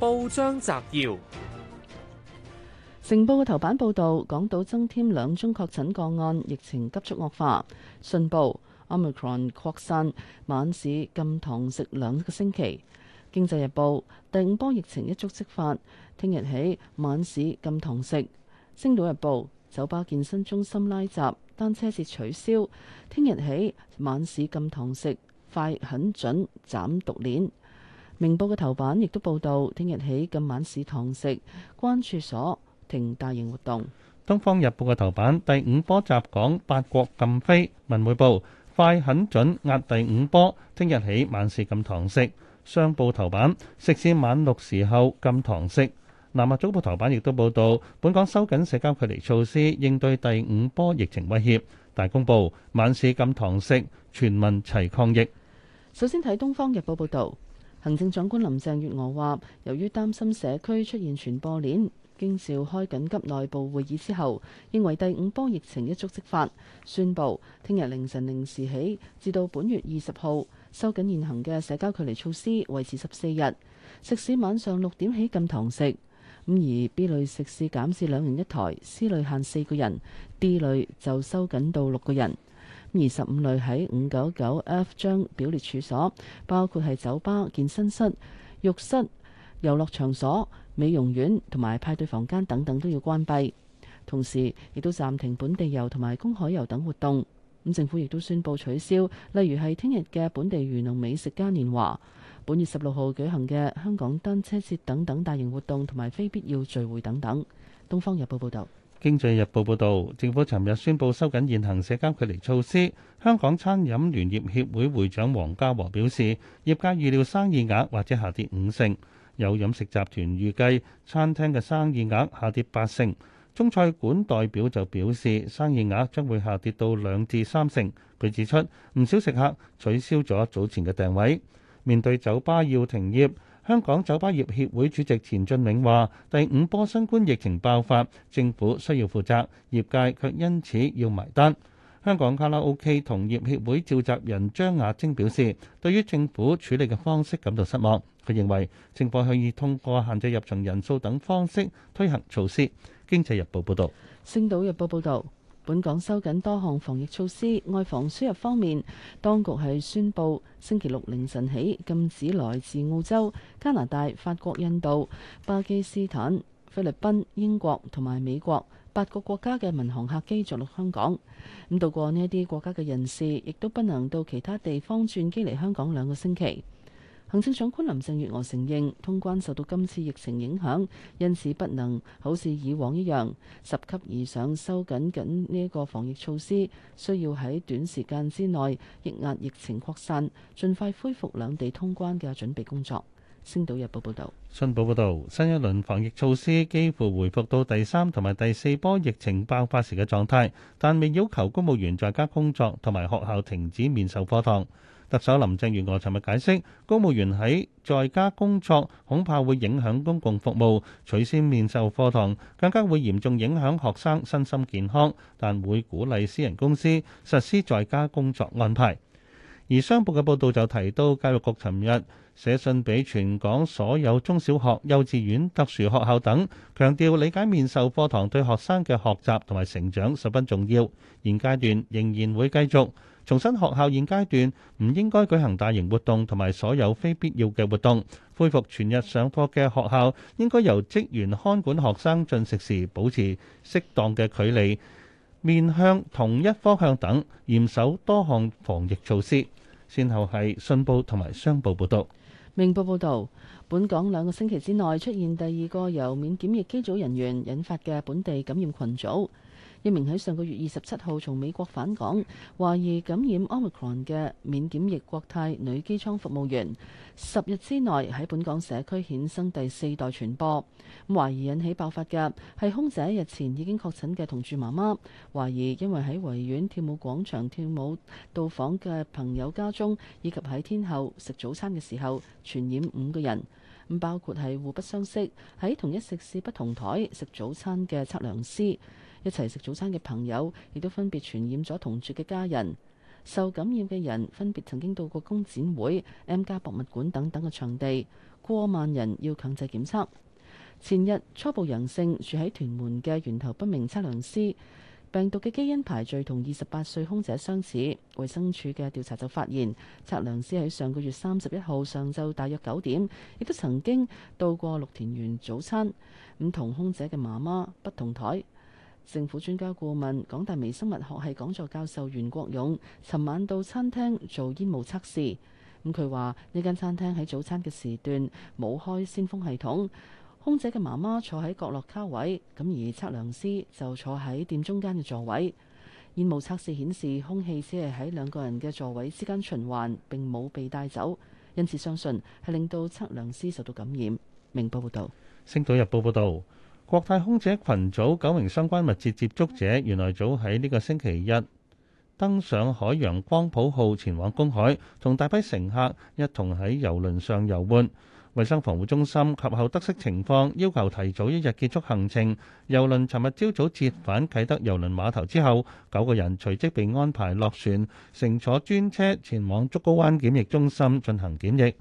報章摘要：成報嘅頭版報道，港島增添兩宗確診個案，疫情急速惡化。信報：Omicron 擴散，晚市禁堂食兩個星期。經濟日報：第五波疫情一觸即發，聽日起晚市禁堂食。星島日報：酒吧、健身中心拉閘，單車節取消，聽日起晚市禁堂食。快、狠準、斬毒鏈。明報嘅頭版亦都報道，聽日起禁晚市堂食，關處所停大型活動。東方日報嘅頭版，第五波襲港八國禁飛。文匯報快狠準壓第五波，聽日起晚市禁堂食。商報頭版食肆晚六時後禁堂食。南華早報頭版亦都報道，本港收緊社交距離措施，應對第五波疫情威脅。大公報晚市禁堂食，全民齊抗疫。首先睇東方日報報道。行政長官林鄭月娥話，由於擔心社區出現傳播鏈，經召開緊急內部會議之後，認為第五波疫情一觸即發，宣布聽日凌晨零時起至到本月二十號，收緊現行嘅社交距離措施，維持十四日。食肆晚上六點起禁堂食，咁而 B 類食肆減至兩人一台，C 類限四個人，D 類就收緊到六個人。二十五類喺五九九 F 章表列處所，包括係酒吧、健身室、浴室、遊樂場所、美容院同埋派對房間等等都要關閉。同時亦都暫停本地遊同埋公海遊等活動。咁政府亦都宣布取消，例如係聽日嘅本地漁農美食嘉年華、本月十六號舉行嘅香港單車節等等大型活動同埋非必要聚會等等。《東方日報》報導。《經濟日報》報導，政府尋日宣布收緊現行社交距離措施。香港餐飲聯業協會會長黃家和表示，業界預料生意額或者下跌五成。有飲食集團預計餐廳嘅生意額下跌八成。中菜館代表就表示，生意額將會下跌到兩至三成。佢指出，唔少食客取消咗早前嘅訂位。面對酒吧要停業。香港酒吧業協會主席錢俊銘話：第五波新冠疫情爆發，政府需要負責，業界卻因此要埋單。香港卡拉 OK 同業協會召集人張亞晶表示，對於政府處理嘅方式感到失望。佢認為政府可以通過限制入場人數等方式推行措施。經濟日報報道。星島日報報導。本港收緊多項防疫措施，外防輸入方面，當局係宣布，星期六凌晨起禁止來自澳洲、加拿大、法國、印度、巴基斯坦、菲律賓、英國同埋美國八個國家嘅民航客機著陸香港。咁、嗯、到過呢一啲國家嘅人士，亦都不能到其他地方轉機嚟香港兩個星期。行政長官林鄭月娥承認，通關受到今次疫情影響，因此不能好似以往一樣拾級而上收緊緊呢個防疫措施，需要喺短時間之內抑壓疫情擴散，盡快恢復兩地通關嘅準備工作。星島日報報導，信報報導，新一輪防疫措施幾乎恢復到第三同埋第四波疫情爆發時嘅狀態，但未要求公務員在家工作同埋學校停止面授課堂。特首林鄭月娥尋日解釋，公務員喺在家工作恐怕會影響公共服務，取消面授課堂更加會嚴重影響學生身心健康，但會鼓勵私人公司實施在家工作安排。而商報嘅報道就提到，教育局尋日寫信俾全港所有中小學、幼稚園、特殊學校等，強調理解面授課堂對學生嘅學習同埋成長十分重要，現階段仍然會繼續。重新學校現階段唔應該舉行大型活動同埋所有非必要嘅活動。恢復全日上課嘅學校應該由職員看管學生進食時保持適當嘅距離，面向同一方向等，嚴守多項防疫措施。先後係信報同埋商報報導。明報報導，本港兩個星期之內出現第二個由免檢疫機組人員引發嘅本地感染群組。一名喺上個月二十七號從美國返港，懷疑感染 Omicron 嘅免檢疫國泰女機艙服務員，十日之內喺本港社區衍生第四代傳播。咁懷疑引起爆發嘅係空姐日前已經確診嘅同住媽媽，懷疑因為喺維園跳舞廣場跳舞到訪嘅朋友家中，以及喺天后食早餐嘅時候傳染五個人，包括係互不相識喺同一食肆不同枱食早餐嘅測量師。一齊食早餐嘅朋友，亦都分別傳染咗同住嘅家人。受感染嘅人分別曾經到過工展會、M+ 博物館等等嘅場地。過萬人要強制檢測。前日初步陽性，住喺屯門嘅源頭不明測量師病毒嘅基因排序同二十八歲空姐相似。衛生署嘅調查就發現，測量師喺上個月三十一號上晝大約九點，亦都曾經到過綠田園早餐，咁同空姐嘅媽媽不同枱。政府專家顧問、港大微生物學系講座教授袁國勇，尋晚到餐廳做煙霧測試。咁佢話：呢間餐廳喺早餐嘅時段冇開新風系統，空姐嘅媽媽坐喺角落卡位，咁而測量師就坐喺店中間嘅座位。煙霧測試顯示空氣只係喺兩個人嘅座位之間循環，並冇被帶走。因此相信係令到測量師受到感染。明報報道。《星島日報》報導。國泰空姐群組九名相關密切接觸者，原來早喺呢個星期日登上海洋光譜號前往公海，同大批乘客一同喺遊輪上遊玩。衛生防護中心及後得悉情況，要求提早一日結束行程。遊輪尋日朝早折返啟德郵輪碼頭之後，九個人隨即被安排落船，乘坐專車前往竹篙灣檢疫中心進行檢疫。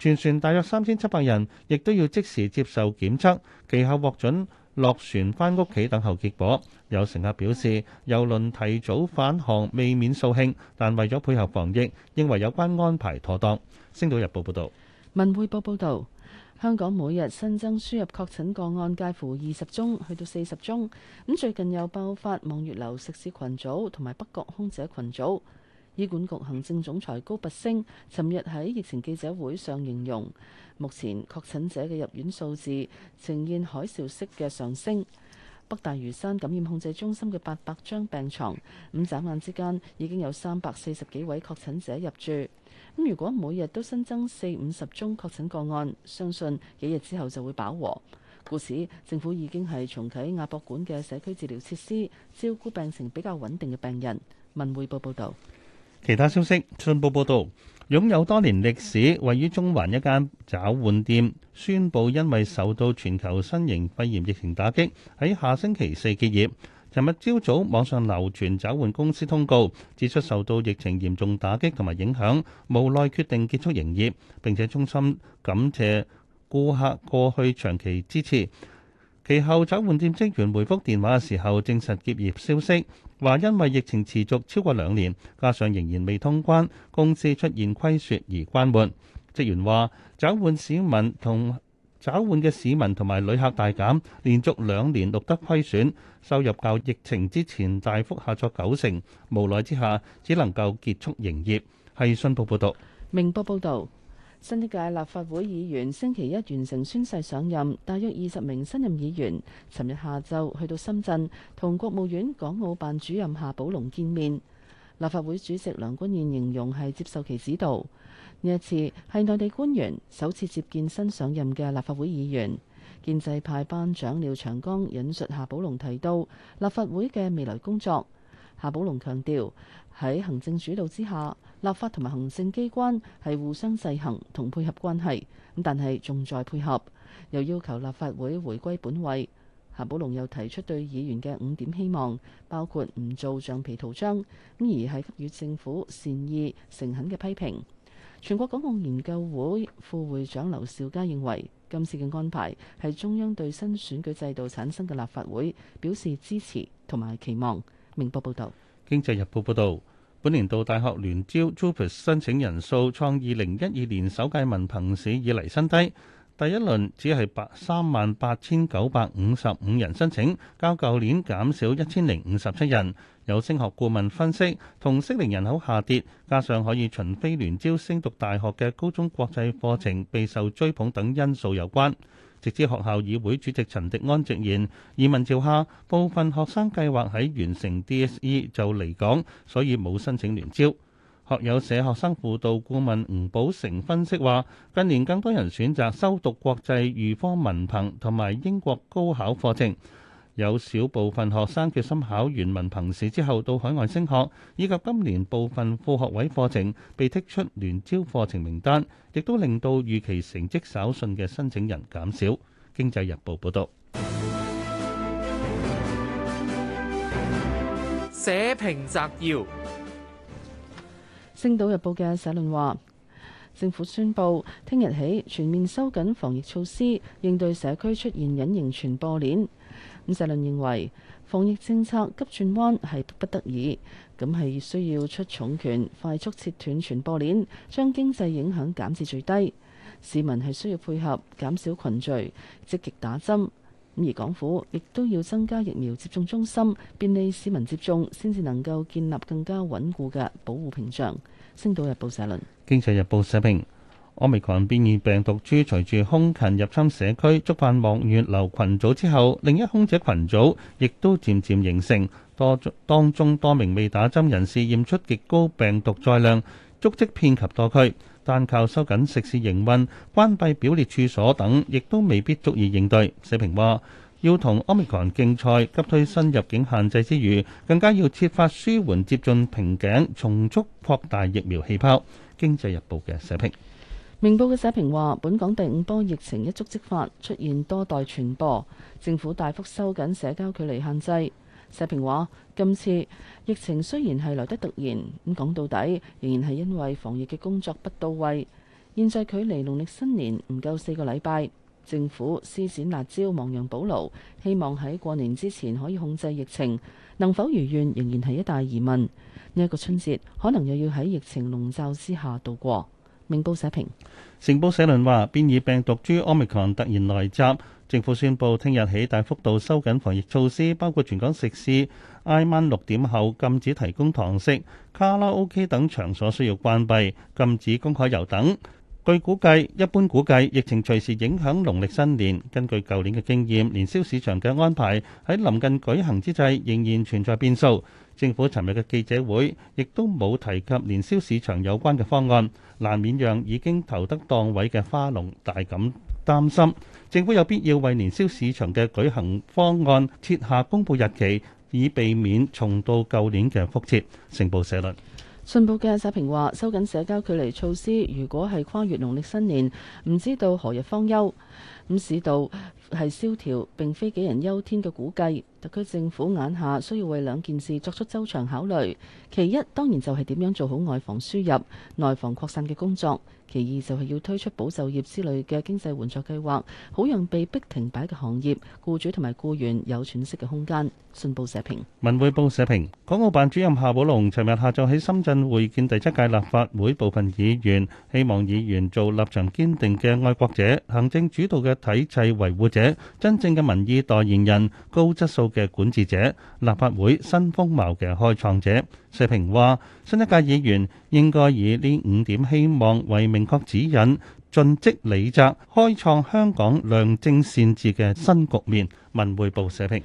全船大約三千七百人，亦都要即時接受檢測，其後獲准落船翻屋企等候結果。有乘客表示，遊輪提早返航未免掃興，但為咗配合防疫，認為有關安排妥當。星島日報報道，文匯報報道，香港每日新增輸入確診個案介乎二十宗去到四十宗。咁最近又爆發望月樓食肆群組同埋北角空姐群組。醫管局行政總裁高拔升尋日喺疫情記者會上形容，目前確診者嘅入院數字呈現海嘯式嘅上升。北大嶼山感染控制中心嘅八百張病床，五眨眼之間已經有三百四十幾位確診者入住。咁如果每日都新增四五十宗確診個案，相信幾日之後就會飽和。故此，政府已經係重啟亞博館嘅社區治療設施，照顧病情比較穩定嘅病人。文匯報報道。其他消息，信報報道，擁有多年歷史、位於中環一間找換店，宣布因為受到全球新型肺炎疫情打擊，喺下星期四結業，尋日朝早，網上流傳找換公司通告，指出受到疫情嚴重打擊同埋影響，無奈決定結束營業，並且衷心感謝顧客過去長期支持。其後找換店職員回覆電話嘅時候，證實結業消息。話因為疫情持續超過兩年，加上仍然未通關，公司出現虧損而關門。職員話，找換市民同找換嘅市民同埋旅客大減，連續兩年錄得虧損，收入較疫情之前大幅下挫九成，無奈之下只能夠結束營業，係信報報道。明報報道。新一屆立法會議員星期一完成宣誓上任，大約二十名新任議員，尋日下晝去到深圳同國務院港澳辦主任夏寶龍見面。立法會主席梁君彥形容係接受其指導。呢一次係內地官員首次接見新上任嘅立法會議員。建制派班長廖長江引述夏寶龍提到立法會嘅未來工作。夏寶龍強調喺行政主導之下。立法同埋行政機關係互相制衡同配合關係，咁但係重在配合，又要求立法會回歸本位。夏寶龍又提出對議員嘅五點希望，包括唔做橡皮圖章，咁而係給予政府善意誠懇嘅批評。全國港澳研究會副會長劉兆佳認為，今次嘅安排係中央對新選舉制度產生嘅立法會表示支持同埋期望。明報報道。經濟日報報道。本年度大學聯招 JUPAS 申請人數創二零一二年首屆文憑試以嚟新低，第一輪只係八三萬八千九百五十五人申請，較舊年減少一千零五十七人。有升學顧問分析，同適齡人口下跌，加上可以循非聯招升讀大學嘅高中國際課程備受追捧等因素有關。直資學校議會主席陳迪安直言，移民潮下，部分學生計劃喺完成 DSE 就離港，所以冇申請聯招。學友社學生輔導顧問吳寶成分析話，近年更多人選擇修讀國際預科文憑同埋英國高考課程。有少部分學生決心考完文憑試之後到海外升學，以及今年部分副學位課程被剔出聯招課程名單，亦都令到預期成績稍遜嘅申請人減少。經濟日報報導。社評摘要。星島日報嘅社論話：政府宣布聽日起全面收緊防疫措施，應對社區出現隱形傳播鏈。社論認為防疫政策急轉彎係不得已，咁係需要出重拳，快速切斷傳播鏈，將經濟影響減至最低。市民係需要配合，減少群聚，積極打針。咁而港府亦都要增加疫苗接種中心，便利市民接種，先至能夠建立更加穩固嘅保護屏障。星島日報社論，論經濟日報社評。奧密克戎變異病毒株隨住空勤入侵社區，觸犯望月流群組之後，另一空姐群組亦都漸漸形成多，當中多名未打針人士驗出極高病毒載量，足跡遍及多區。但靠收緊食肆營運、關閉表列處所等，亦都未必足以應對。社評話：要同奧密克戎競賽，急推新入境限制之餘，更加要設法舒緩接近瓶頸，從速擴大疫苗氣泡。《經濟日報》嘅社評。明報嘅社評話：本港第五波疫情一觸即發，出現多代傳播，政府大幅收緊社交距離限制。社評話：今次疫情雖然係來得突然，咁講到底，仍然係因為防疫嘅工作不到位。現在距離農曆新年唔夠四個禮拜，政府施展辣招亡羊補牢，希望喺過年之前可以控制疫情，能否如願，仍然係一大疑問。呢、這、一個春節，可能又要喺疫情籠罩之下度過。明報社評，成報社論話：變異病毒株 Omicron 突然來襲，政府宣布聽日起大幅度收緊防疫措施，包括全港食肆挨晚六點後禁止提供堂食、卡拉 OK 等場所需要關閉、禁止公開遊等。據估計，一般估計疫情隨時影響農曆新年。根據舊年嘅經驗，年宵市場嘅安排喺臨近舉行之際，仍然存在變數。政府尋日嘅記者會亦都冇提及年宵市場有關嘅方案，難免讓已經投得檔位嘅花農大感擔心。政府有必要為年宵市場嘅舉行方案設下公布日期，以避免重蹈舊年嘅覆轍。成報社論，信報嘅社評話：收緊社交距離措施，如果係跨越農曆新年，唔知道何日方休。咁市道係蕭條，並非杞人憂天嘅估計。特區政府眼下需要為兩件事作出周長考慮，其一當然就係點樣做好外防輸入、內防擴散嘅工作；其二就係要推出保就業之類嘅經濟援助計劃，好讓被逼停擺嘅行業、僱主同埋僱員有喘息嘅空間。信報社評，文匯報社評，港澳辦主任夏寶龍尋日下晝喺深圳會見第七屆立法會部分議員，希望議員做立場堅定嘅愛國者、行政主導嘅體制維護者、真正嘅民意代言人、高質素嘅管治者，立法會新風貌嘅開創者，社評話：新一屆議員應該以呢五點希望為明確指引，盡職履責，開創香港良政善治嘅新局面。文匯報社評。